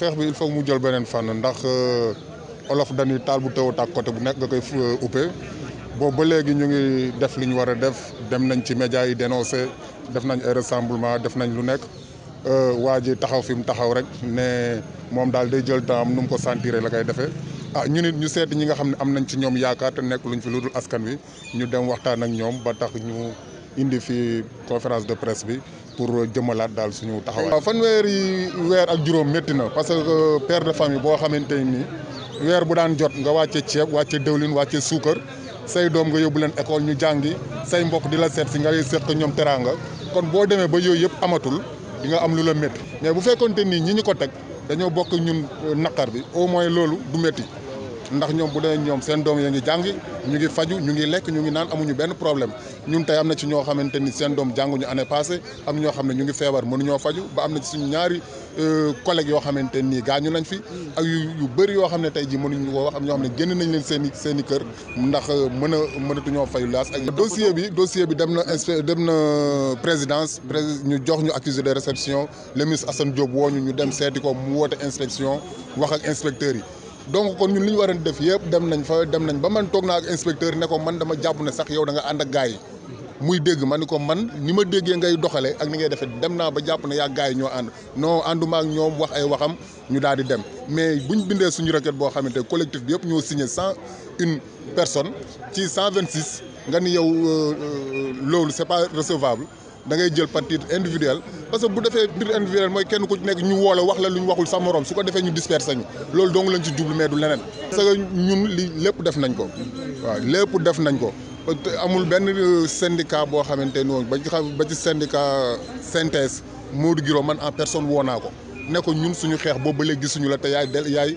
xeex bi il faut mu jël beneen fànn ndax euh, olof dañuy taal bu taw tàkk côté bu nekk nga koy euh, uppee boobu ba léegi ñu ngi def li ñu war a def dem nañ ci médias yi dénoncé def nañ ay rassemblement def nañ lu nekk euh, waa ji taxaw fi mu taxaw rek ne moom daal day jël temps am nu mu ko sentiré la koy defee ah ñu nit ñu seet ñi nga xam ne am nañ ci ñoom yaakaar te nekk luñ fi lu dul askan wi ñu dem waxtaan ak ñoom ba tax ñu indi fi conférence de presse bi pour jëmalaat daal suñu taxawaay. waaw fanweeri weer ak juróom métti na parce que père de famille boo xamante nii weer bu daan jot nga wàcce ceeb wàcce dëwlin wàcce suukar say doom nga yóbbu leen école ñu jàngi say mbokk di la seet si nga seq ñoom teraanga kon boo demee ba yooyu yëpp amatul di nga am lu la métti mais bu fekkonte ni ñi ñu ko teg dañoo bokk ñun naqar bi au moins loolu du métti. ndax ñoom bu dee ñoom seen doom ya ngi jàngi ñu ngi faju ñu ngi lekk ñu ngi naan amuñu benn problème ñun tey am na ci ñoo xamante ni seen doom jànguñu année passée am ñoo xam ne ñu ngi feebar mënuñoo faju ba am na ci suñu ñaari euh, collègue yoo xamante nii gaañu nañ fi ak yu bëri yoo xam ne tey ji mënuñu ko wax am ñoo xam ne génn nañ leen seen i seen i kër ndax euh, mën a mënatuñoo fayu laas ak dossier bi dossier bi dem na inspe dem na euh, présidence ñu jox ñu accusé de réception le ministre Assane Diop wooñu ñu dem seeti ko mu woote inspection wax ak inspecteur yi donc kon ñun li ñu war a def yëpp dem nañ fa dem nañ ba man toog naa ak inspecteur ne ko man dama jàpp ne sax yow danga nga ànd ak gars muy dégg ma ni ko man ni ma déggee ngay doxalee ak ni ngay defee dem naa ba jàpp ne yaa gars yi ñoo ànd non ànduma ak ñoom wax ay waxam ñu daal di dem mais buñ bindee suñu requête boo xamante collectif bi yëpp ñoo signé cent une personne ci cent vingt six nga ni yow euh, euh, loolu c'est pas recevable da ngay jël par titre individuel parce que bu defee titre individuel mooy kenn ku ci nekk ñu woole wax la lu ñu waxul sa morom su ko defee ñu disperser ñu loolu dong lañ ci jublu mais du leneen. parce que ñun li lépp def nañ ko waaw lépp def nañ ko amul benn euh, syndicat boo xamante ni woon ba ci ba ci syndicat synthèse Modou Giro man en personne woo naa ko ne ñun suñu xeex boobu ba léegi suñu la te yaay del yaay.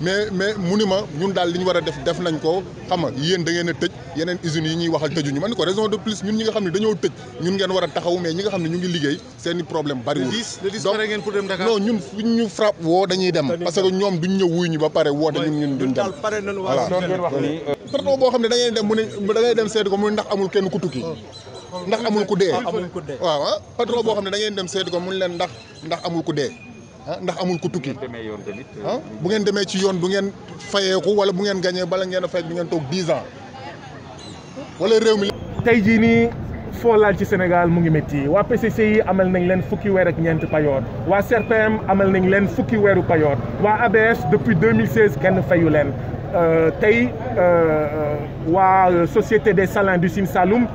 mais mais mu ni ma ñun daal li ñu war a def def nañ ko xam nga yéen da a tëj yeneen usines yi ñuy waxal tëjuñu man ni ko raison de plus ñun a ne ñu ngi liggéey seen i problème bariwul non ñun fuñ ñu frappe woo dañuy dem parce que ñoom duñ ñëw wuy ñu ba pare woote ñun ñun duñ dem voilà pardon boo xam ne da ngay dem mu ne da ngay dem seeti ko mu ndax amul kenn ku tukki oh. ndax amul ku dee waaw ah. patron boo xam ne da dem seeti ko mu leen ndax ndax amul ku dee ah ndax amul ku tukki euh, ah bu ngeen demee ci yoon du ngeen fayeeku wala bu ngeen gañee bala ngeen a fay du ngeen toog dix ans wala réew mi. tey jii nii foo laal ci Sénégal mu ngi métti waa PCC yi amal nañ leen fukki weer ak ñeent payoor waa CRPM amal nañ leen fukki weeru payoor waa ABS depuis 2016 kenn fayu leen. Euh, tey euh, euh, wa société des salins du Sim Saloum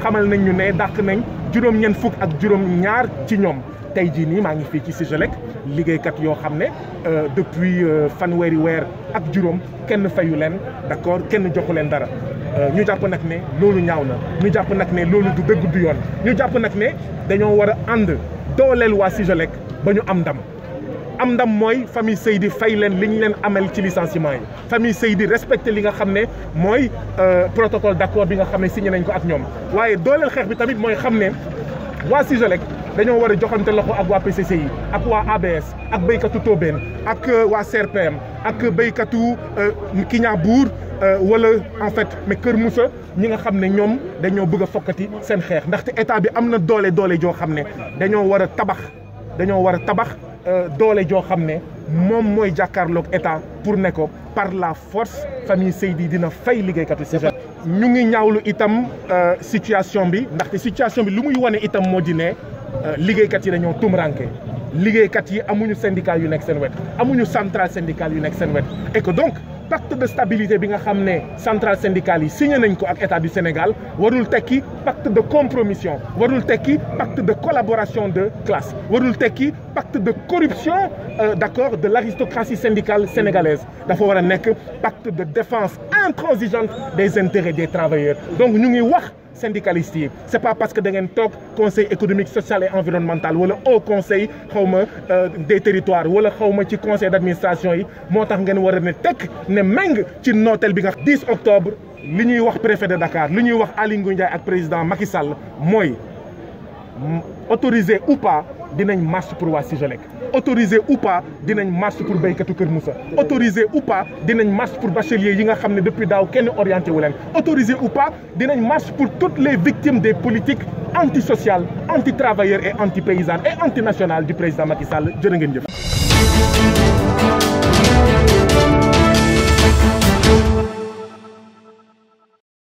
xamal nañ ñu né dàq nañ juroom ñen fuk ak juroom ñaar ci ñom tey ji ni ma ngi fi ci Sigelec liggéeykat yoo xam ne depuis fanweri wer ak juroom kenn fayu len d'accord kenn joxu len dara. ñu japp nak né lolu ñaaw na ñu japp nak né lolu du deug du yoon ñu japp nak né dañoo wara and dolel wa waa Sigelec ba ñu am ndam am ndam mooy famille Seydi fay leen li ñu leen amal ci licenciement yi famille Seydi respecté li nga xamné moy euh, protocole d'accord bi nga xamné signé nañ ko ak ñoom waaye dooleel xex bi tamit moy xamné wa waa dañoo wara joxante loxo ak waa PCCI ak wa ABS ak béykatu toben ak euh, wa CRPM ak béykatu euh, Kignanbour wala en fait mais Kër Moussa ñi nga xam ñom dañoo bëgg fokati fokkati seen xeex ndaxte état bi amna doole doole jo xam dañoo wara tabax dañoo wara tabax euh, doole joo xam ne moom mooy état pour ne par la force famille Seydi dina fay liggéeykatu si ñu ngi ñaawlu itam euh, situation bi ndaxte situation bi lu muy wane itam moo di ne euh, liggéeykat yi dañoo liggéeykat yi amuñu syndicat yu nekk seen wet amuñu centrale syndicale yu nekk seen et donc pacte de stabilité bi nga xamné Central centrale syndicale signé nañ ko du Sénégal pacte de compromission warul pacte de collaboration de classe warul pacte de corruption euh, d'accord de l'aristocratie syndicale sénégalaise dafa war pacte de défense intransigeante des intérêts des travailleurs donc nous ngi syndicalistes C'est pas parce que da conseil économique social et environnemental ou au conseil euh, des territoires ou le conseil d'administration, ne 10 octobre li préfet de Dakar nous wax président Macky autorisé ou pas dinañ marche pour waa Sigelec autorisé ou pas dinañ marche pour béykatu Kër Moussa autorisé ou pas dinañ marche pour bachelier yi nga depuis d'ao kenn orienté autorisé ou pas dinañ marche pour toutes les victimes des politiques antisociales anti travailleurs et anti paysannes et antinationales du président Macky Sall